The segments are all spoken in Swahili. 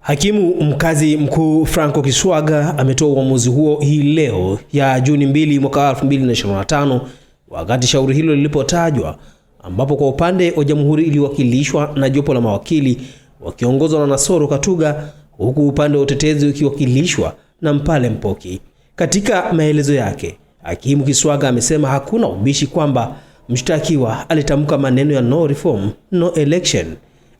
Hakimu mkazi mkuu Franco Kiswaga ametoa uamuzi huo hii leo ya Juni 2 mwaka 2025 wakati shauri hilo lilipotajwa, ambapo kwa upande wa jamhuri iliwakilishwa na jopo la mawakili wakiongozwa na Nasoro Katuga, huku upande wa utetezi ukiwakilishwa na Mpale Mpoki. Katika maelezo yake, hakimu Kiswaga amesema hakuna ubishi kwamba Mshtakiwa alitamka maneno ya no reform, no election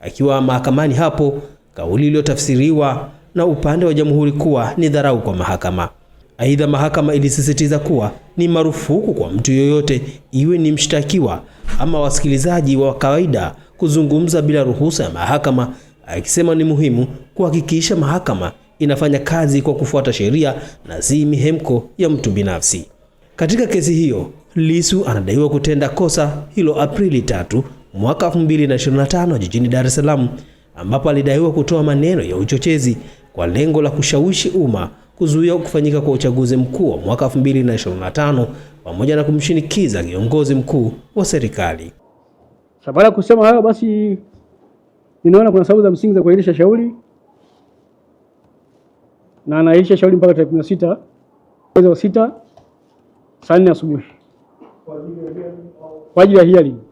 akiwa mahakamani hapo, kauli iliyotafsiriwa na upande wa jamhuri kuwa ni dharau kwa mahakama. Aidha, mahakama ilisisitiza kuwa ni marufuku kwa mtu yoyote, iwe ni mshtakiwa ama wasikilizaji wa kawaida, kuzungumza bila ruhusa ya mahakama, akisema ni muhimu kuhakikisha mahakama inafanya kazi kwa kufuata sheria na si mihemko ya mtu binafsi. Katika kesi hiyo Lissu anadaiwa kutenda kosa hilo Aprili 3 mwaka 2025 jijini Dar es Salaam, ambapo alidaiwa kutoa maneno ya uchochezi kwa lengo la kushawishi umma kuzuia kufanyika kwa uchaguzi mkuu wa mwaka 2025 pamoja na kumshinikiza kiongozi mkuu wa serikali. Baada ya kusema hayo, basi ninaona kuna sababu za msingi za kuahirisha shauri na anaahirisha shauri mpaka tarehe 16 mwezi wa 6 saa 4 asubuhi. What you are hearing.